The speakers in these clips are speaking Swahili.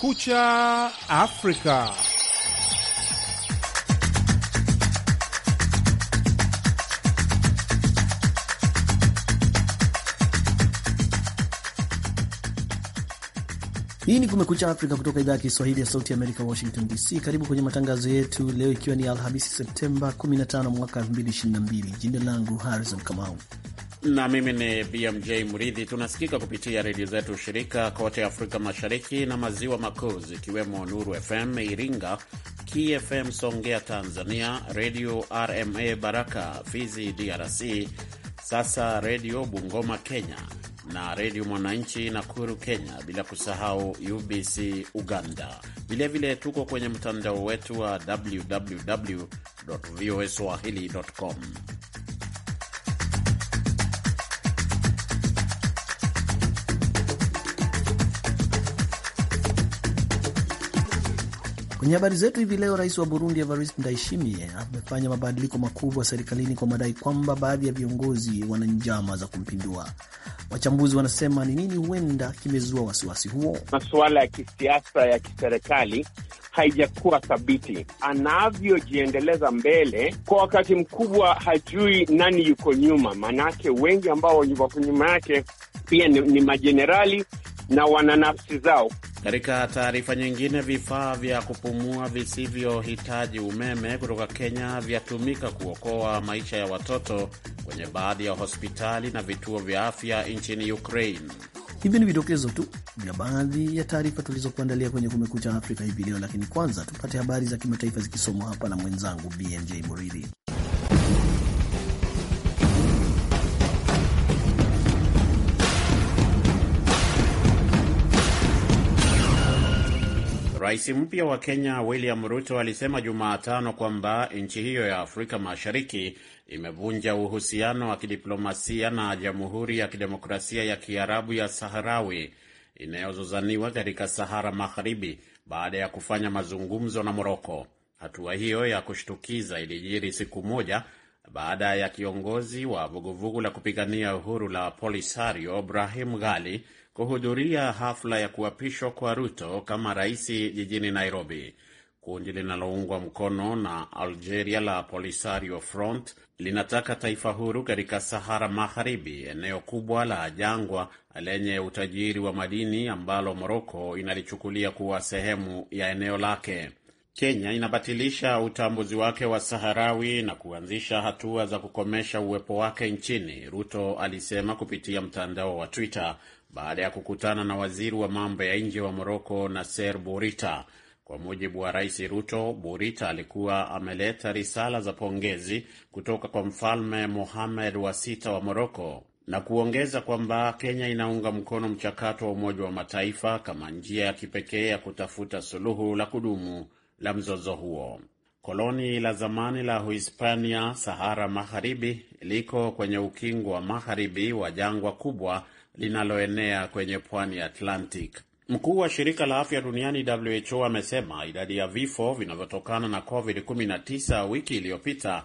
Kumekucha Afrika. Hii ni Kumekucha Afrika kutoka idhaa ya Kiswahili ya Sauti ya Amerika, Washington DC. Karibu kwenye matangazo yetu leo, ikiwa ni Alhamisi Septemba 15 mwaka 2022. Jina langu Harrison Kamau na mimi ni BMJ Mridhi. Tunasikika kupitia redio zetu shirika kote Afrika Mashariki na Maziwa Makuu, zikiwemo Nuru FM Iringa, KFM Songea Tanzania, Redio RMA Baraka Fizi DRC, Sasa Redio Bungoma Kenya na Redio Mwananchi Nakuru Kenya, bila kusahau UBC Uganda. Vilevile tuko kwenye mtandao wetu wa www voa swahili com Kwenye habari zetu hivi leo, rais wa Burundi Evariste Ndayishimiye amefanya mabadiliko makubwa serikalini kwa madai kwamba baadhi ya viongozi wana njama za kumpindua. Wachambuzi wanasema ni nini huenda kimezua wasiwasi huo. Masuala ya kisiasa ya kiserikali haijakuwa thabiti. Anavyojiendeleza mbele kwa wakati mkubwa, hajui nani yuko nyuma, maanake wengi ambao wako nyuma yake pia ni, ni majenerali na wana nafsi zao. Katika taarifa nyingine, vifaa vya kupumua visivyohitaji umeme kutoka Kenya vyatumika kuokoa maisha ya watoto kwenye baadhi ya hospitali na vituo vya afya nchini Ukraine. Hivyo ni vidokezo tu vya baadhi ya taarifa tulizokuandalia kwenye Kumekucha Afrika hivi leo, lakini kwanza tupate habari za kimataifa zikisomwa hapa na mwenzangu BMJ Muridhi. Rais mpya wa Kenya William Ruto alisema Jumatano kwamba nchi hiyo ya Afrika Mashariki imevunja uhusiano wa kidiplomasia na Jamhuri ya Kidemokrasia ya Kiarabu ya Saharawi inayozozaniwa katika Sahara Magharibi baada ya kufanya mazungumzo na Moroko. Hatua hiyo ya kushtukiza ilijiri siku moja baada ya kiongozi wa vuguvugu la kupigania uhuru la Polisario Brahim Ghali kuhudhuria hafla ya kuapishwa kwa Ruto kama rais jijini Nairobi. Kundi linaloungwa mkono na Algeria la Polisario Front linataka taifa huru katika Sahara Magharibi, eneo kubwa la jangwa lenye utajiri wa madini ambalo Moroko inalichukulia kuwa sehemu ya eneo lake. Kenya inabatilisha utambuzi wake wa Saharawi na kuanzisha hatua za kukomesha uwepo wake nchini, Ruto alisema kupitia mtandao wa Twitter baada ya kukutana na waziri wa mambo ya nje wa Moroko, naser burita Kwa mujibu wa Rais Ruto, burita alikuwa ameleta risala za pongezi kutoka kwa Mfalme Mohamed wa Sita wa Moroko na kuongeza kwamba Kenya inaunga mkono mchakato wa Umoja wa Mataifa kama njia ya kipekee ya kutafuta suluhu la kudumu la mzozo huo. Koloni la zamani la Uhispania, Sahara Magharibi, liko kwenye ukingo wa magharibi wa jangwa kubwa linaloenea kwenye pwani ya Atlantic. Mkuu wa shirika la afya duniani WHO amesema idadi ya vifo vinavyotokana na COVID-19 wiki iliyopita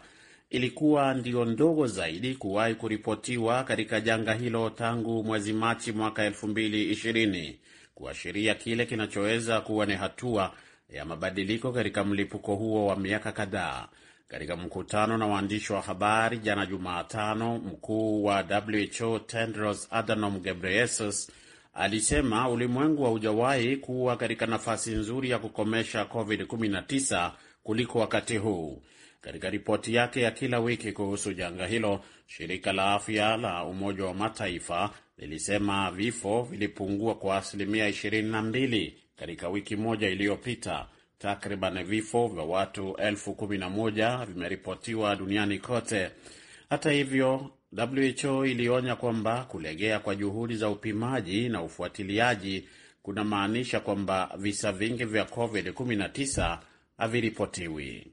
ilikuwa ndio ndogo zaidi kuwahi kuripotiwa katika janga hilo tangu mwezi Machi mwaka 2020 kuashiria kile kinachoweza kuwa ni hatua ya mabadiliko katika mlipuko huo wa miaka kadhaa. Katika mkutano na waandishi wa habari jana Jumatano, mkuu wa WHO Tedros Adhanom Ghebreyesus alisema ulimwengu haujawahi kuwa katika nafasi nzuri ya kukomesha COVID-19 kuliko wakati huu. Katika ripoti yake ya kila wiki kuhusu janga hilo, shirika la afya la Umoja wa Mataifa lilisema vifo vilipungua kwa asilimia 22 katika wiki moja iliyopita Takriban vifo vya watu elfu kumi na moja vimeripotiwa duniani kote. Hata hivyo, WHO ilionya kwamba kulegea kwa juhudi za upimaji na ufuatiliaji kunamaanisha kwamba visa vingi vya COVID-19 haviripotiwi.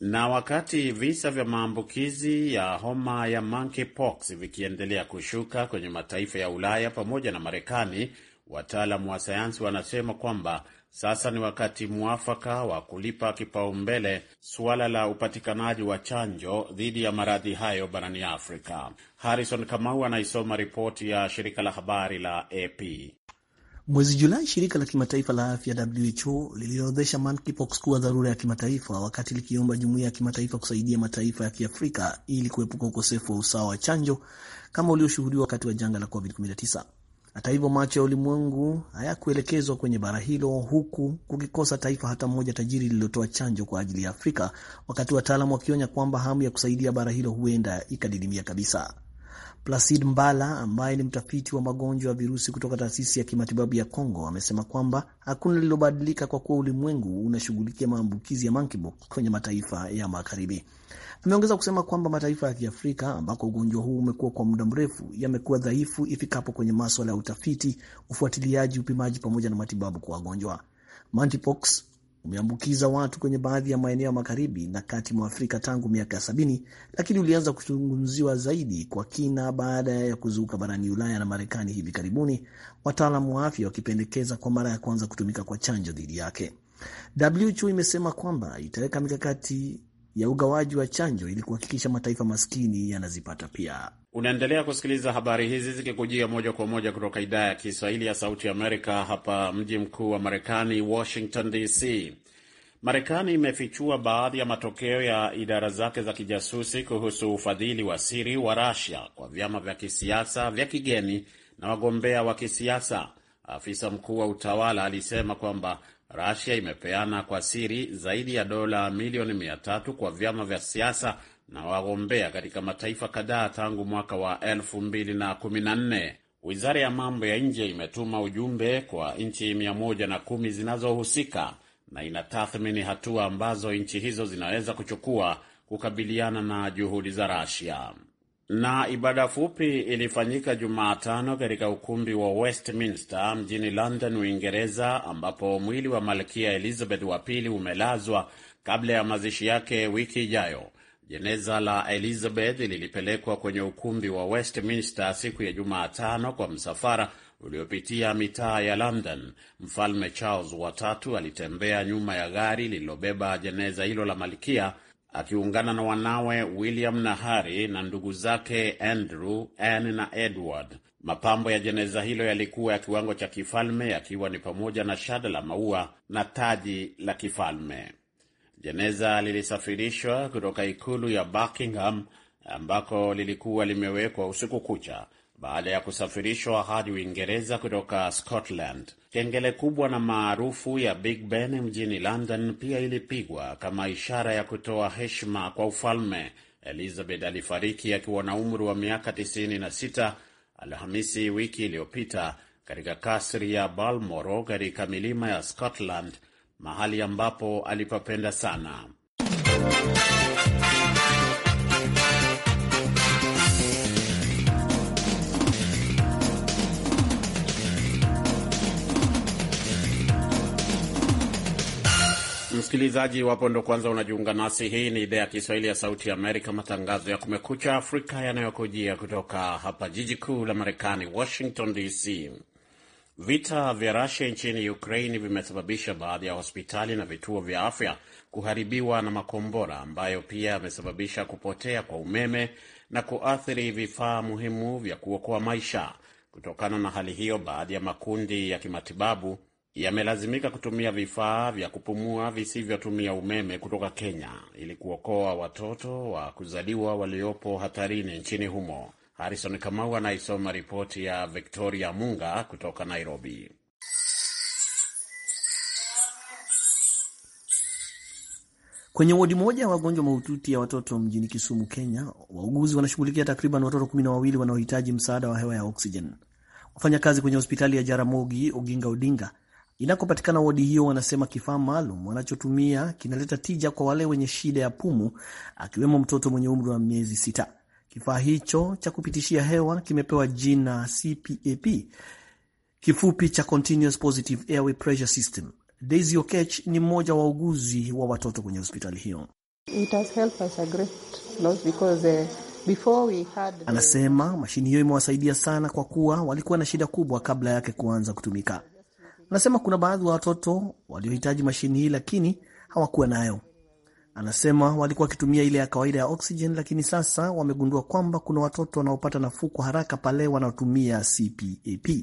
Na wakati visa vya maambukizi ya homa ya monkeypox vikiendelea kushuka kwenye mataifa ya Ulaya pamoja na Marekani, wataalamu wa sayansi wanasema kwamba sasa ni wakati mwafaka wa kulipa kipaumbele suala la upatikanaji wa chanjo dhidi ya maradhi hayo barani Afrika. Harrison Kamau anaisoma ripoti ya shirika la habari la AP. Mwezi Julai, shirika la kimataifa la afya WHO liliorodhesha monkeypox kuwa dharura ya kimataifa, wakati likiomba jumuiya ya kimataifa kusaidia mataifa ya Kiafrika ili kuepuka ukosefu wa usawa wa chanjo kama ulioshuhudiwa wakati wa janga la COVID-19. Hata hivyo macho ya ulimwengu hayakuelekezwa kwenye bara hilo, huku kukikosa taifa hata mmoja tajiri lililotoa chanjo kwa ajili ya Afrika, wakati wataalamu wakionya kwamba hamu ya kusaidia bara hilo huenda ikadidimia kabisa. Placid Mbala ambaye ni mtafiti wa magonjwa ya virusi kutoka taasisi ya kimatibabu ya congo amesema kwamba hakuna lililobadilika kwa kuwa ulimwengu unashughulikia maambukizi ya monkeypox kwenye mataifa ya magharibi. Ameongeza kusema kwamba mataifa ya Kiafrika ambako ugonjwa huu umekuwa kwa muda mrefu yamekuwa dhaifu ifikapo kwenye maswala ya utafiti, ufuatiliaji, upimaji pamoja na matibabu kwa wagonjwa. Monkeypox umeambukiza watu kwenye baadhi ya maeneo ya magharibi na kati mwa Afrika tangu miaka ya sabini, lakini ulianza kuzungumziwa zaidi kwa kina baada ya kuzuka barani Ulaya na Marekani hivi karibuni, wataalamu wa afya wakipendekeza kwa mara ya kwanza kutumika kwa chanjo dhidi yake. WHO imesema kwamba itaweka mikakati ya ugawaji wa chanjo ili kuhakikisha mataifa maskini yanazipata pia. Unaendelea kusikiliza habari hizi zikikujia moja kwa moja kutoka idhaa ya Kiswahili ya Sauti Amerika, hapa mji mkuu wa Marekani, Washington DC. Marekani imefichua baadhi ya matokeo ya idara zake za kijasusi kuhusu ufadhili wa siri wa rusia kwa vyama vya kisiasa vya kigeni na wagombea wa kisiasa. Afisa mkuu wa utawala alisema kwamba rasia imepeana kwa siri zaidi ya dola milioni mia tatu kwa vyama vya siasa na wagombea katika mataifa kadhaa tangu mwaka wa 214 Wizara ya mambo ya nje imetuma ujumbe kwa nchi 110 zinazohusika na inatathmini hatua ambazo nchi hizo zinaweza kuchukua kukabiliana na juhudi za rasia na ibada fupi ilifanyika Jumatano katika ukumbi wa Westminster mjini London, Uingereza, ambapo mwili wa malkia Elizabeth wa pili umelazwa kabla ya mazishi yake wiki ijayo. Jeneza la Elizabeth lilipelekwa kwenye ukumbi wa Westminster siku ya Jumatano kwa msafara uliopitia mitaa ya London. Mfalme Charles watatu alitembea nyuma ya gari lililobeba jeneza hilo la malkia akiungana na wanawe William na Harry na ndugu zake Andrew, Anne na Edward. Mapambo ya jeneza hilo yalikuwa ya kiwango cha kifalme, yakiwa ni pamoja na shada la maua na taji la kifalme. Jeneza lilisafirishwa kutoka ikulu ya Buckingham ambako lilikuwa limewekwa usiku kucha baada ya kusafirishwa hadi Uingereza kutoka Scotland. Kengele kubwa na maarufu ya Big Ben mjini London pia ilipigwa kama ishara ya kutoa heshima kwa ufalme. Elizabeth alifariki akiwa na umri wa miaka 96 Alhamisi wiki iliyopita katika kasri ya balmoro katika milima ya Scotland, mahali ambapo alipapenda sana. Msikilizaji, iwapo ndo kwanza unajiunga nasi, hii ni idhaa ya Kiswahili ya Sauti ya Amerika, matangazo ya Kumekucha Afrika yanayokujia kutoka hapa jiji kuu la Marekani, Washington DC. Vita vya Rusia nchini ukrain vimesababisha baadhi ya hospitali na vituo vya afya kuharibiwa na makombora ambayo pia yamesababisha kupotea kwa umeme na kuathiri vifaa muhimu vya kuokoa maisha. Kutokana na hali hiyo, baadhi ya makundi ya kimatibabu yamelazimika kutumia vifaa vya kupumua visivyotumia umeme kutoka Kenya ili kuokoa watoto wa kuzaliwa waliopo hatarini nchini humo. harison Kamau anaisoma ripoti ya Victoria Munga kutoka Nairobi. Kwenye wodi moja ya wagonjwa mahututi ya watoto mjini Kisumu, Kenya, wauguzi wanashughulikia takriban watoto kumi na wawili wanaohitaji msaada wa hewa ya oksijeni. Wafanyakazi kwenye hospitali ya Jaramogi Oginga Odinga Inakopatikana wodi hiyo, wanasema kifaa maalum wanachotumia kinaleta tija kwa wale wenye shida ya pumu, akiwemo mtoto mwenye umri wa miezi sita. Kifaa hicho cha kupitishia hewa kimepewa jina CPAP, kifupi cha Continuous Positive Airway Pressure System. Daisy Okech ni mmoja wa wauguzi wa watoto kwenye hospitali hiyo. Anasema mashini hiyo imewasaidia sana kwa kuwa walikuwa na shida kubwa kabla yake kuanza kutumika. Anasema kuna baadhi wa watoto waliohitaji mashini hii lakini hawakuwa nayo. Anasema walikuwa wakitumia ile ya kawaida ya oxygen, lakini sasa wamegundua kwamba kuna watoto wanaopata nafuu kwa haraka pale wanaotumia CPAP.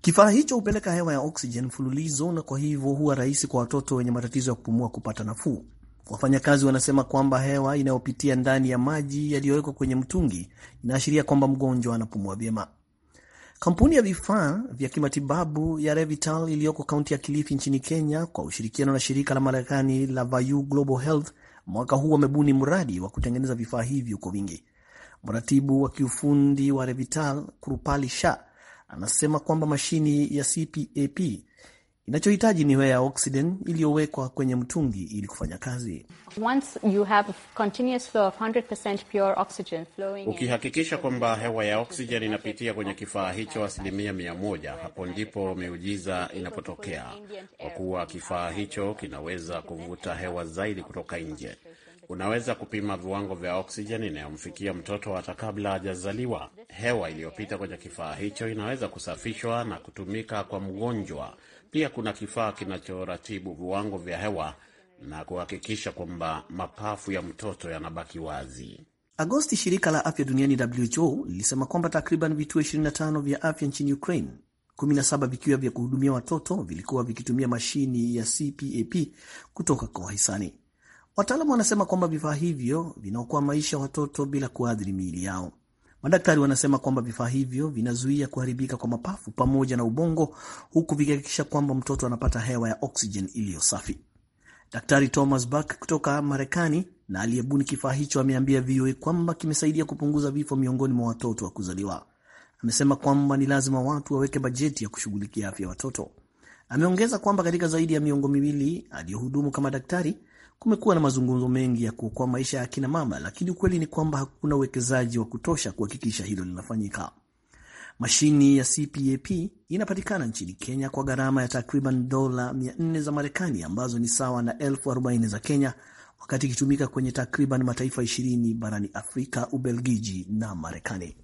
Kifaa hicho hupeleka hewa ya oxygen mfululizo, na kwa hivyo huwa rahisi kwa watoto wenye matatizo ya kupumua kupata nafuu. Wafanyakazi wanasema kwamba hewa inayopitia ndani ya maji yaliyowekwa kwenye mtungi inaashiria kwamba mgonjwa anapumua vyema. Kampuni ya vifaa vya kimatibabu ya Revital iliyoko kaunti ya Kilifi nchini Kenya kwa ushirikiano na shirika la Marekani la Vayu Global Health mwaka huu wamebuni mradi wa kutengeneza vifaa hivyo kwa wingi. Mratibu wa kiufundi wa Revital, Krupali sha anasema kwamba mashini ya CPAP Inachohitaji ni hewa oksijeni iliyowekwa kwenye mtungi ili kufanya kazi. Ukihakikisha kwamba hewa ya oksijeni inapitia kwenye kifaa hicho asilimia mia moja, hapo ndipo miujiza inapotokea, kwa kuwa kifaa hicho kinaweza kuvuta hewa zaidi kutoka nje. Unaweza kupima viwango vya oksijeni inayomfikia mtoto hata kabla hajazaliwa. Hewa iliyopita kwenye kifaa hicho inaweza kusafishwa na kutumika kwa mgonjwa pia kuna kifaa kinachoratibu viwango vya hewa na kuhakikisha kwamba mapafu ya mtoto yanabaki wazi. Agosti, shirika la afya duniani WHO lilisema kwamba takriban vituo 25 vya afya nchini Ukraine, 17 vikiwa vya kuhudumia watoto, vilikuwa vikitumia mashini ya CPAP kutoka kwa wahisani. Wataalamu wanasema kwamba vifaa hivyo vinaokoa maisha watoto bila kuathiri miili yao. Madaktari wanasema kwamba vifaa hivyo vinazuia kuharibika kwa mapafu pamoja na ubongo, huku vikihakikisha kwamba mtoto anapata hewa ya oksijeni iliyo safi. Daktari Thomas Bach kutoka Marekani na aliyebuni kifaa hicho ameambia VOA kwamba kimesaidia kupunguza vifo miongoni mwa watoto wa kuzaliwa. Amesema kwamba ni lazima watu waweke bajeti ya kushughulikia afya ya watoto. Ameongeza kwamba katika zaidi ya miongo miwili aliyohudumu kama daktari Kumekuwa na mazungumzo mengi ya kuokoa maisha ya akina mama, lakini ukweli ni kwamba hakuna uwekezaji wa kutosha kuhakikisha hilo linafanyika. Mashini ya CPAP inapatikana nchini Kenya kwa gharama ya takriban dola 400 za Marekani, ambazo ni sawa na elfu za Kenya, wakati ikitumika kwenye takriban mataifa 20 barani Afrika, Ubelgiji na Marekani.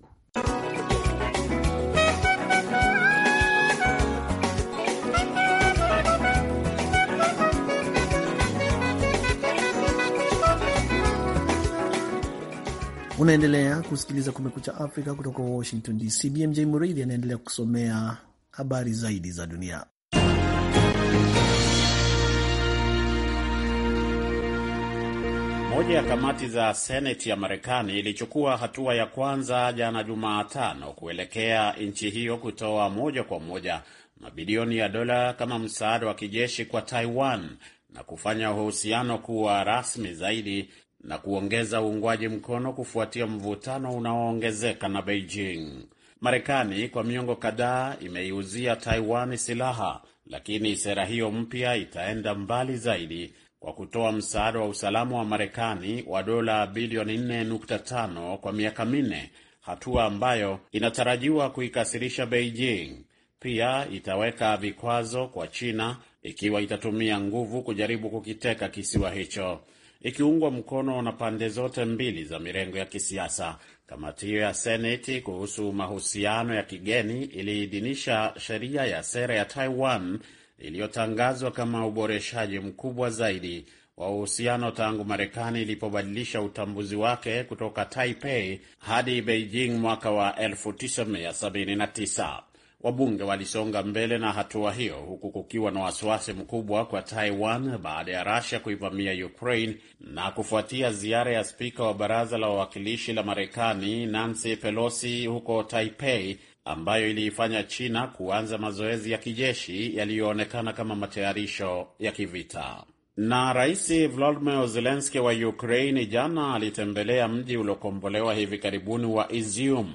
Unaendelea kusikiliza Kumekucha Afrika kutoka Washington DC. BMJ Muridhi anaendelea kusomea habari zaidi za dunia. Moja ya kamati za seneti ya Marekani ilichukua hatua ya kwanza jana Jumatano kuelekea nchi hiyo kutoa moja kwa moja mabilioni ya dola kama msaada wa kijeshi kwa Taiwan na kufanya uhusiano kuwa rasmi zaidi na kuongeza uungwaji mkono kufuatia mvutano unaoongezeka na Beijing. Marekani kwa miongo kadhaa imeiuzia Taiwan silaha, lakini sera hiyo mpya itaenda mbali zaidi kwa kutoa msaada wa usalama wa Marekani wa dola bilioni 4.5 kwa miaka minne, hatua ambayo inatarajiwa kuikasirisha Beijing. Pia itaweka vikwazo kwa China ikiwa itatumia nguvu kujaribu kukiteka kisiwa hicho ikiungwa mkono na pande zote mbili za mirengo ya kisiasa. Kamati hiyo ya Seneti kuhusu mahusiano ya kigeni iliidhinisha sheria ya sera ya Taiwan iliyotangazwa kama uboreshaji mkubwa zaidi wa uhusiano tangu Marekani ilipobadilisha utambuzi wake kutoka Taipei hadi Beijing mwaka wa 1979. Wabunge walisonga mbele na hatua hiyo huku kukiwa na wasiwasi mkubwa kwa Taiwan baada ya Russia kuivamia Ukraine na kufuatia ziara ya spika wa baraza la wawakilishi la Marekani Nancy Pelosi huko Taipei ambayo iliifanya China kuanza mazoezi ya kijeshi yaliyoonekana kama matayarisho ya kivita. Na Rais Volodymyr Zelensky wa Ukraine jana alitembelea mji uliokombolewa hivi karibuni wa Izium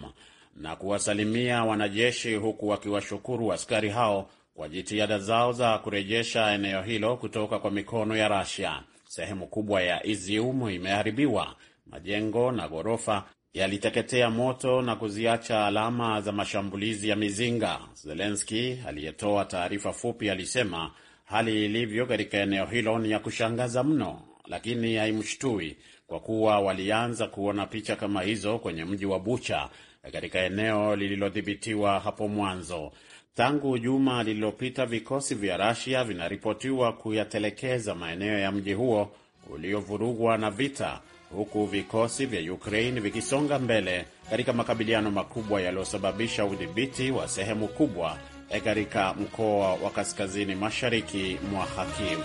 na kuwasalimia wanajeshi huku wakiwashukuru askari hao kwa jitihada zao za kurejesha eneo hilo kutoka kwa mikono ya Russia. Sehemu kubwa ya Izium imeharibiwa, majengo na ghorofa yaliteketea moto na kuziacha alama za mashambulizi ya mizinga. Zelenski aliyetoa taarifa fupi alisema hali ilivyo katika eneo hilo ni ya kushangaza mno, lakini haimshtui kwa kuwa walianza kuona picha kama hizo kwenye mji wa Bucha katika eneo lililodhibitiwa hapo mwanzo. Tangu juma lililopita, vikosi vya Rasia vinaripotiwa kuyatelekeza maeneo ya mji huo uliovurugwa na vita, huku vikosi vya ukrain vikisonga mbele katika makabiliano makubwa yaliyosababisha udhibiti wa sehemu kubwa katika mkoa wa kaskazini mashariki mwa Kharkiv.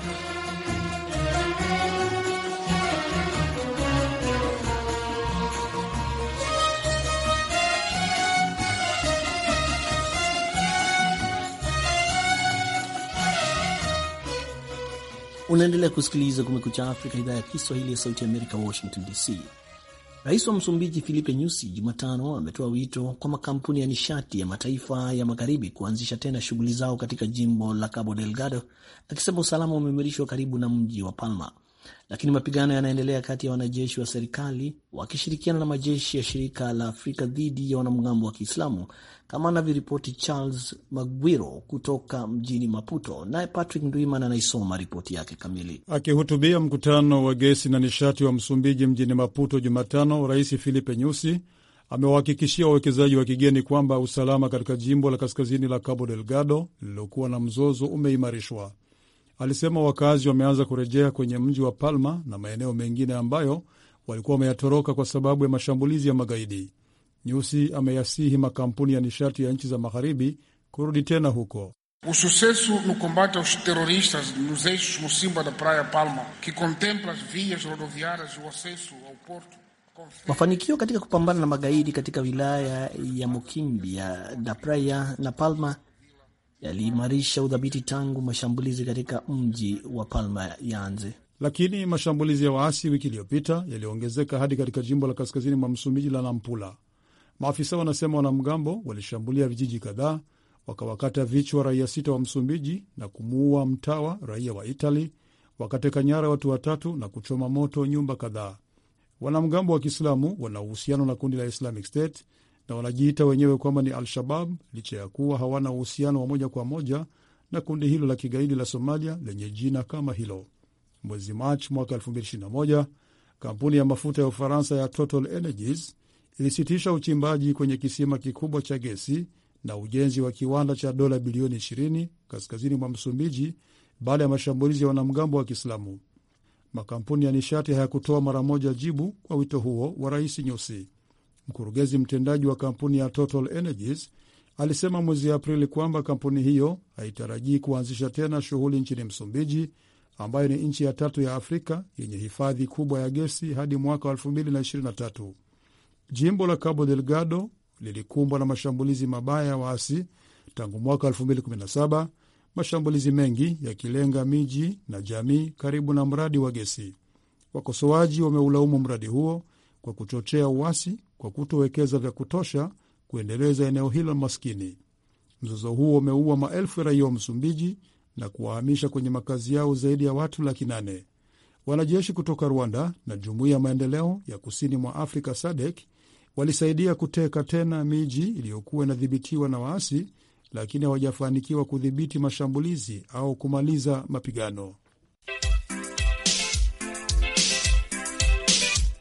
Unaendelea kusikiliza Kumekucha Afrika, idhaa ya Kiswahili ya Sauti ya Amerika, Washington DC. Rais wa Msumbiji Filipe Nyusi Jumatano ametoa wito kwa makampuni ya nishati ya mataifa ya magharibi kuanzisha tena shughuli zao katika jimbo la Cabo Delgado, akisema usalama umeimarishwa karibu na mji wa Palma lakini mapigano yanaendelea kati ya wanajeshi wa serikali wakishirikiana na majeshi ya shirika la Afrika dhidi ya wanamgambo wa Kiislamu kama anavyoripoti Charles Magwiro kutoka mjini Maputo, naye Patrick Ndwiman anaisoma ripoti yake kamili. Akihutubia mkutano wa gesi na nishati wa Msumbiji mjini Maputo Jumatano, Rais Filipe Nyusi amewahakikishia wawekezaji wa kigeni kwamba usalama katika jimbo la kaskazini la Cabo Delgado lililokuwa na mzozo umeimarishwa alisema wakazi wameanza kurejea kwenye mji wa Palma na maeneo mengine ambayo walikuwa wameyatoroka kwa sababu ya mashambulizi ya magaidi. Nyusi ameyasihi makampuni ya nishati ya nchi za magharibi kurudi tena huko. O no combate aos terroristas nos eixos da Praia Palma que contempla as vias e o acesso ao porto Mafanikio katika kupambana na magaidi katika wilaya ya Mukimbia da Praia na Palma yaliimarisha udhabiti tangu mashambulizi katika mji wa Palma yaanze. Lakini mashambulizi ya waasi wiki iliyopita yaliongezeka hadi katika jimbo la kaskazini mwa Msumbiji la Nampula. Maafisa wanasema wanamgambo walishambulia vijiji kadhaa, wakawakata vichwa raia sita wa Msumbiji na kumuua mtawa raia wa Itali, wakateka nyara watu watatu na kuchoma moto nyumba kadhaa. Wanamgambo wa Kiislamu wana uhusiano na kundi la Islamic State na wanajiita wenyewe kwamba ni Al-Shabab licha ya kuwa hawana uhusiano wa moja kwa moja na kundi hilo la kigaidi la Somalia lenye jina kama hilo. Mwezi Machi mwaka 2021 kampuni ya mafuta ya Ufaransa ya Total Energies ilisitisha uchimbaji kwenye kisima kikubwa cha gesi na ujenzi wa kiwanda cha dola bilioni 20 kaskazini mwa Msumbiji baada ya mashambulizi ya wanamgambo wa Kiislamu. Makampuni ya nishati hayakutoa mara moja jibu kwa wito huo wa Rais Nyusi. Mkurugenzi mtendaji wa kampuni ya Total Energies alisema mwezi Aprili kwamba kampuni hiyo haitarajii kuanzisha tena shughuli nchini Msumbiji, ambayo ni nchi ya tatu ya Afrika yenye hifadhi kubwa ya gesi hadi mwaka wa 2023. Jimbo la Cabo Delgado lilikumbwa na mashambulizi mabaya ya waasi tangu mwaka 2017, mashambulizi mengi yakilenga miji na jamii karibu na mradi wa gesi. Wakosoaji wameulaumu mradi huo kwa kuchochea uasi kwa kutowekeza vya kutosha kuendeleza eneo hilo maskini. Mzozo huo umeua maelfu ya raia wa Msumbiji na kuwahamisha kwenye makazi yao zaidi ya watu laki nane. Wanajeshi kutoka Rwanda na Jumuiya ya Maendeleo ya Kusini mwa Afrika SADEK walisaidia kuteka tena miji iliyokuwa inadhibitiwa na waasi, lakini hawajafanikiwa kudhibiti mashambulizi au kumaliza mapigano.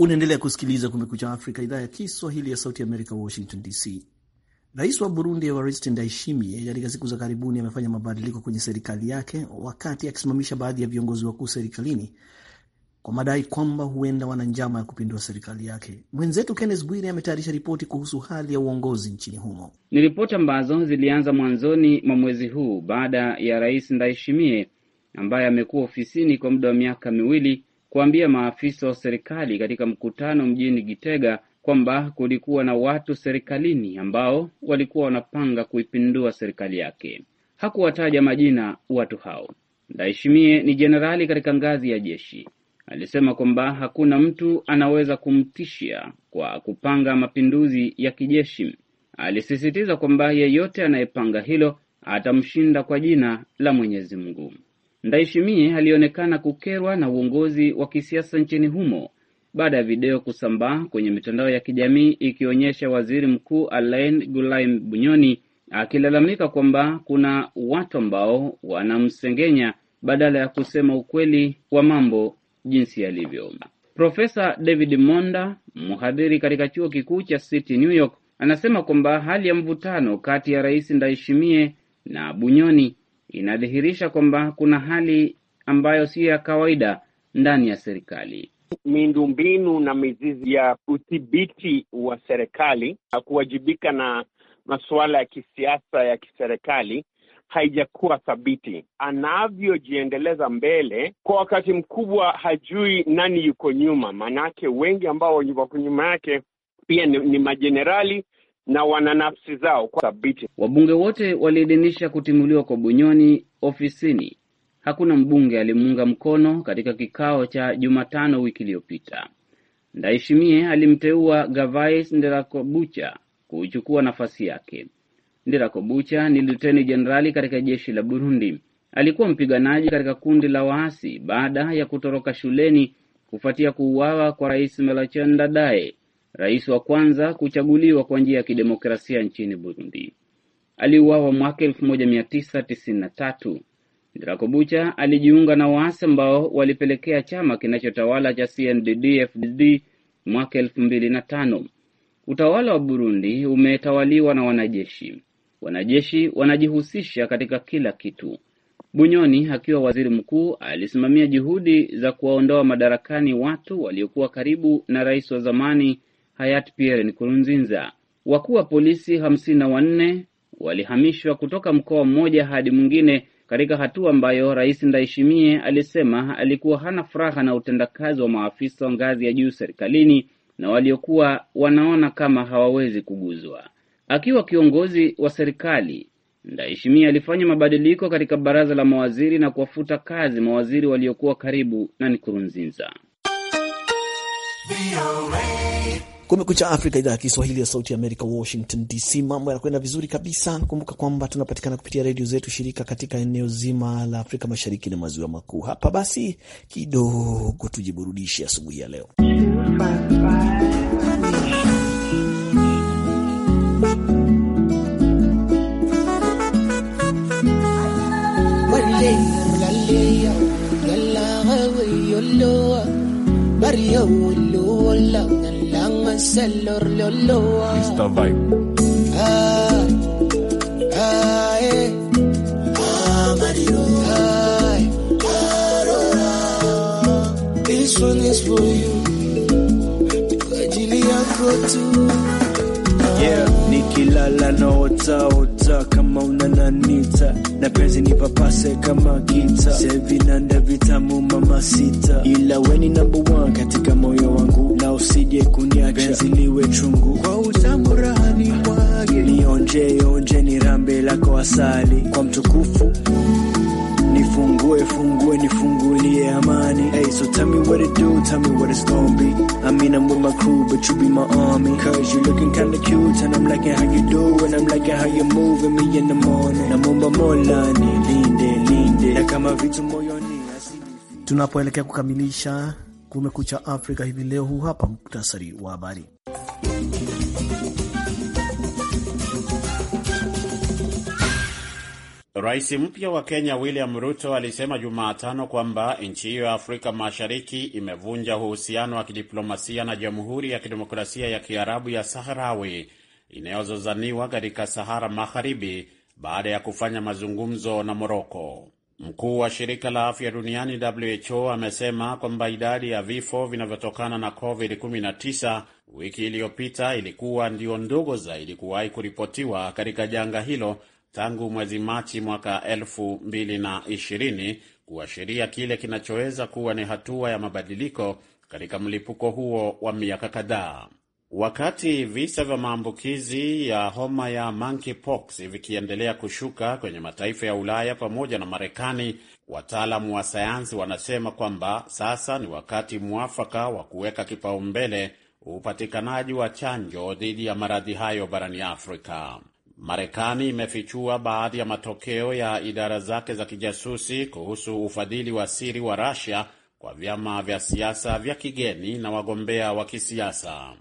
Unaendelea kusikiliza Kumekucha Afrika, idhaa ya Kiswahili ya Sauti Amerika, Washington DC. Rais wa Burundi Evariste Ndayishimiye katika siku za karibuni amefanya mabadiliko kwenye serikali yake, wakati akisimamisha baadhi ya viongozi wakuu serikalini kwa madai kwamba huenda wana njama ya kupindua serikali yake. Mwenzetu Kenneth Bwire ametayarisha ripoti kuhusu hali ya uongozi nchini humo. Ni ripoti ambazo zilianza mwanzoni mwa mwezi huu baada ya rais Ndayishimiye ambaye amekuwa ofisini kwa muda wa miaka miwili kuambia maafisa wa serikali katika mkutano mjini Gitega kwamba kulikuwa na watu serikalini ambao walikuwa wanapanga kuipindua serikali yake. Hakuwataja majina watu hao. Ndaheshimie ni jenerali katika ngazi ya jeshi, alisema kwamba hakuna mtu anaweza kumtishia kwa kupanga mapinduzi ya kijeshi. Alisisitiza kwamba yeyote anayepanga hilo atamshinda kwa jina la Mwenyezi Mungu. Ndaishimie alionekana kukerwa na uongozi wa kisiasa nchini humo baada ya video kusambaa kwenye mitandao ya kijamii ikionyesha waziri mkuu Alain Guillaume Bunyoni akilalamika kwamba kuna watu ambao wanamsengenya badala ya kusema ukweli wa mambo jinsi yalivyo. Profesa David Monda, mhadhiri katika chuo kikuu cha City New York, anasema kwamba hali ya mvutano kati ya rais Ndayishimiye na Bunyoni inadhihirisha kwamba kuna hali ambayo si ya kawaida ndani ya serikali. Miundombinu na mizizi ya udhibiti wa serikali na kuwajibika na masuala ya kisiasa ya kiserikali haijakuwa thabiti. Anavyojiendeleza mbele kwa wakati mkubwa, hajui nani yuko nyuma, maanake wengi ambao wako nyuma yake pia ni, ni majenerali na wana nafsi zao kwa thabiti. Wabunge wote waliidhinisha kutimuliwa kwa Bunyoni ofisini. Hakuna mbunge alimuunga mkono katika kikao cha Jumatano wiki iliyopita. Ndaishimie alimteua Gavais Nderakobucha kuchukua nafasi yake. Nderakobucha ni luteni jenerali katika jeshi la Burundi. Alikuwa mpiganaji katika kundi la waasi baada ya kutoroka shuleni kufuatia kuuawa kwa Rais Melchior Ndadaye rais wa kwanza kuchaguliwa kwa njia ya kidemokrasia nchini Burundi. Aliuawa mwaka 1993. Ndirakobucha alijiunga na waasi ambao walipelekea chama kinachotawala cha CNDD-FDD mwaka 2005. Utawala wa Burundi umetawaliwa na wanajeshi. Wanajeshi wanajihusisha katika kila kitu. Bunyoni akiwa waziri mkuu alisimamia juhudi za kuwaondoa madarakani watu waliokuwa karibu na rais wa zamani hayati Pierre Nkurunziza. Wakuu wa polisi hamsini na wanne walihamishwa kutoka mkoa mmoja hadi mwingine katika hatua ambayo Rais Ndayishimiye alisema alikuwa hana furaha na utendakazi wa maafisa wa ngazi ya juu serikalini na waliokuwa wanaona kama hawawezi kuguzwa. Akiwa kiongozi wa serikali, Ndayishimiye alifanya mabadiliko katika baraza la mawaziri na kuwafuta kazi mawaziri waliokuwa karibu na Nkurunziza. Kumekucha Afrika, idhaa ya Kiswahili ya Sauti Amerika, Washington DC. Mambo yanakwenda vizuri kabisa. Kumbuka kwamba tunapatikana kupitia redio zetu shirika katika eneo zima la Afrika Mashariki na Maziwa Makuu. Hapa basi kidogo tujiburudishe asubuhi ya leo. Selor Loloa. Mr. Vibe. Ah, ah, eh. Ah, Mario. Ah, This one is for you. kama unananita na penzi papase kama kita sevina nda vitamu mama sita ila weni number one katika moyo usije kuniacha, penzi liwe chungu kwa utamu, raha ni mwage, nionje onje, ni rambe lako asali kwa mtukufu Nifungue, fungue, nifungulie amani. Hey, so tell me what it do, tell me what it's gonna be. I mean, I'm with my crew, but you be my army. Cause you looking kinda cute, and I'm liking how you do, and I'm liking how you moving me in the morning. Namomba Mola nilinde, linde, na kama vitu moyoni. Tunapoelekea kukamilisha Kumekucha Afrika hivi leo, huu hapa muktasari wa habari. Rais mpya wa Kenya William Ruto alisema Jumatano kwamba nchi hiyo ya Afrika Mashariki imevunja uhusiano wa kidiplomasia na Jamhuri ya Kidemokrasia ya Kiarabu ya Saharawi inayozozaniwa katika Sahara Magharibi baada ya kufanya mazungumzo na Moroko. Mkuu wa shirika la afya duniani WHO amesema kwamba idadi ya vifo vinavyotokana na COVID-19 wiki iliyopita ilikuwa ndio ndogo zaidi kuwahi kuripotiwa katika janga hilo tangu mwezi Machi mwaka 2020 kuashiria kile kinachoweza kuwa ni hatua ya mabadiliko katika mlipuko huo wa miaka kadhaa. Wakati visa vya maambukizi ya homa ya monkeypox vikiendelea kushuka kwenye mataifa ya Ulaya pamoja na Marekani, wataalamu wa sayansi wanasema kwamba sasa ni wakati mwafaka wa kuweka kipaumbele upatikanaji wa chanjo dhidi ya maradhi hayo barani Afrika. Marekani imefichua baadhi ya matokeo ya idara zake za kijasusi kuhusu ufadhili wa siri wa Russia kwa vyama vya siasa vya kigeni na wagombea wa kisiasa.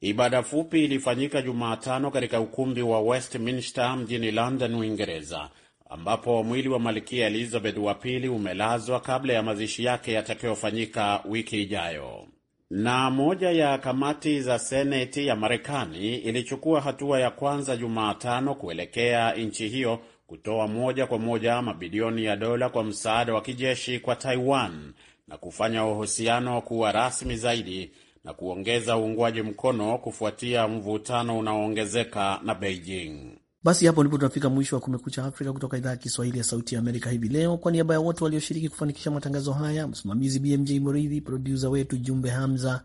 Ibada fupi ilifanyika Jumatano katika ukumbi wa Westminster mjini London, Uingereza, ambapo mwili wa Malkia Elizabeth wa pili umelazwa kabla ya mazishi yake yatakayofanyika wiki ijayo. Na moja ya kamati za seneti ya Marekani ilichukua hatua ya kwanza Jumatano kuelekea nchi hiyo kutoa moja kwa moja mabilioni ya dola kwa msaada wa kijeshi kwa Taiwan na kufanya uhusiano kuwa rasmi zaidi na kuongeza uungwaji mkono kufuatia mvutano unaoongezeka na Beijing. Basi hapo ndipo tunafika mwisho wa Kumekucha Afrika kutoka idhaa ya Kiswahili ya Sauti ya Amerika hivi leo. Kwa niaba ya wote walioshiriki kufanikisha matangazo haya, msimamizi BMJ Muridhi, produsa wetu Jumbe Hamza,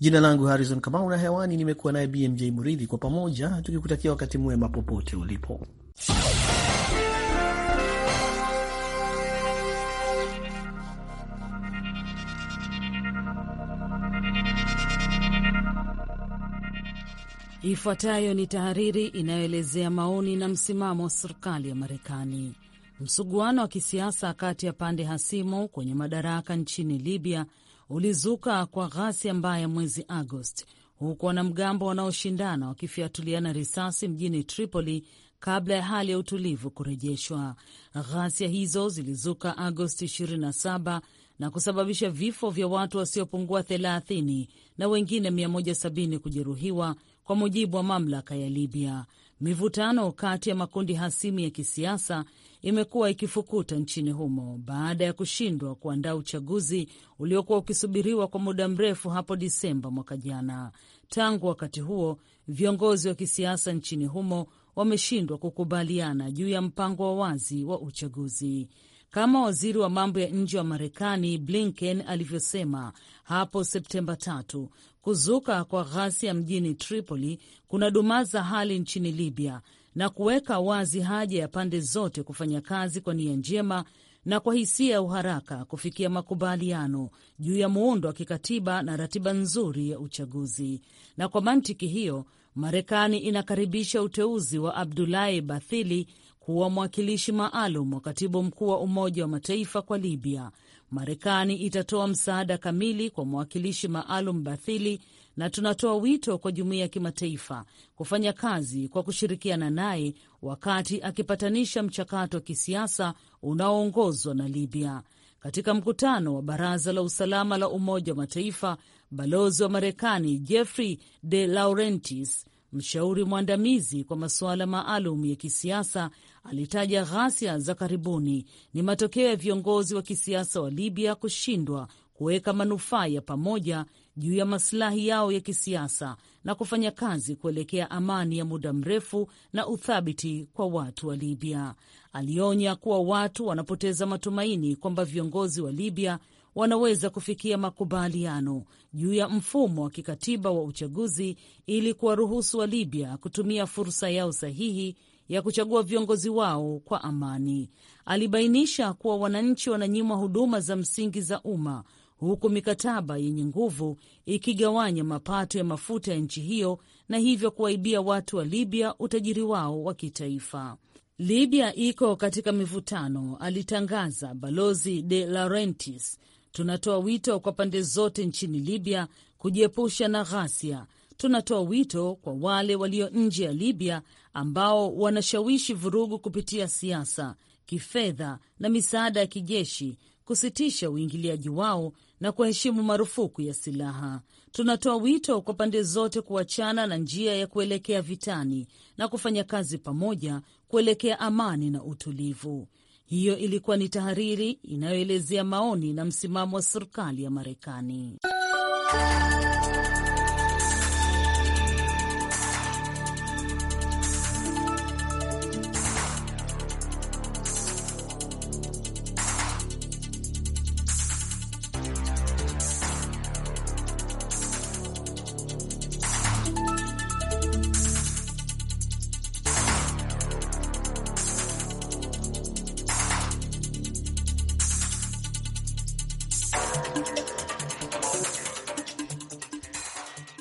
jina langu Harrison Kamau na hewani nimekuwa naye BMJ Muridhi, kwa pamoja tukikutakia wakati mwema popote ulipo. Ifuatayo ni tahariri inayoelezea maoni na msimamo wa serikali ya Marekani. Msuguano wa kisiasa kati ya pande hasimu kwenye madaraka nchini Libya ulizuka kwa ghasia mbaya mwezi Agosti, huku wanamgambo wanaoshindana wakifyatuliana risasi mjini Tripoli kabla ya hali ya utulivu kurejeshwa. Ghasia hizo zilizuka Agosti 27 na kusababisha vifo vya watu wasiopungua 30 na wengine 170 kujeruhiwa kwa mujibu wa mamlaka ya Libya. Mivutano kati ya makundi hasimu ya kisiasa imekuwa ikifukuta nchini humo baada ya kushindwa kuandaa uchaguzi uliokuwa ukisubiriwa kwa muda mrefu hapo Disemba mwaka jana. Tangu wakati huo, viongozi wa kisiasa nchini humo wameshindwa kukubaliana juu ya mpango wa wazi wa uchaguzi. Kama waziri wa mambo ya nje wa Marekani Blinken alivyosema hapo Septemba tatu Kuzuka kwa ghasia mjini Tripoli kuna dumaza hali nchini Libya na kuweka wazi haja ya pande zote kufanya kazi kwa nia njema na kwa hisia ya uharaka kufikia makubaliano juu ya muundo wa kikatiba na ratiba nzuri ya uchaguzi. Na kwa mantiki hiyo, Marekani inakaribisha uteuzi wa Abdulahi Bathili kuwa mwakilishi maalum wa katibu mkuu wa Umoja wa Mataifa kwa Libya Marekani itatoa msaada kamili kwa mwakilishi maalum Bathili, na tunatoa wito kwa jumuiya ya kimataifa kufanya kazi kwa kushirikiana naye wakati akipatanisha mchakato wa kisiasa unaoongozwa na Libya. Katika mkutano wa Baraza la Usalama la Umoja wa Mataifa, balozi wa Marekani Jeffrey de Laurentis Mshauri mwandamizi kwa masuala maalum ya kisiasa alitaja ghasia za karibuni ni matokeo ya viongozi wa kisiasa wa Libya kushindwa kuweka manufaa ya pamoja juu ya masilahi yao ya kisiasa na kufanya kazi kuelekea amani ya muda mrefu na uthabiti kwa watu wa Libya. Alionya kuwa watu wanapoteza matumaini kwamba viongozi wa Libya wanaweza kufikia makubaliano juu ya mfumo wa kikatiba wa uchaguzi ili kuwaruhusu wa Libya kutumia fursa yao sahihi ya kuchagua viongozi wao kwa amani. Alibainisha kuwa wananchi wananyimwa huduma za msingi za umma huku mikataba yenye nguvu ikigawanya mapato ya mafuta ya nchi hiyo na hivyo kuwaibia watu wa Libya utajiri wao wa kitaifa. Libya iko katika mivutano, alitangaza Balozi De Laurentis, Tunatoa wito kwa pande zote nchini Libya kujiepusha na ghasia. Tunatoa wito kwa wale walio nje ya Libya ambao wanashawishi vurugu kupitia siasa, kifedha na misaada ya kijeshi kusitisha uingiliaji wao na kuheshimu marufuku ya silaha. Tunatoa wito kwa pande zote kuachana na njia ya kuelekea vitani na kufanya kazi pamoja kuelekea amani na utulivu. Hiyo ilikuwa ni tahariri inayoelezea maoni na msimamo wa serikali ya Marekani.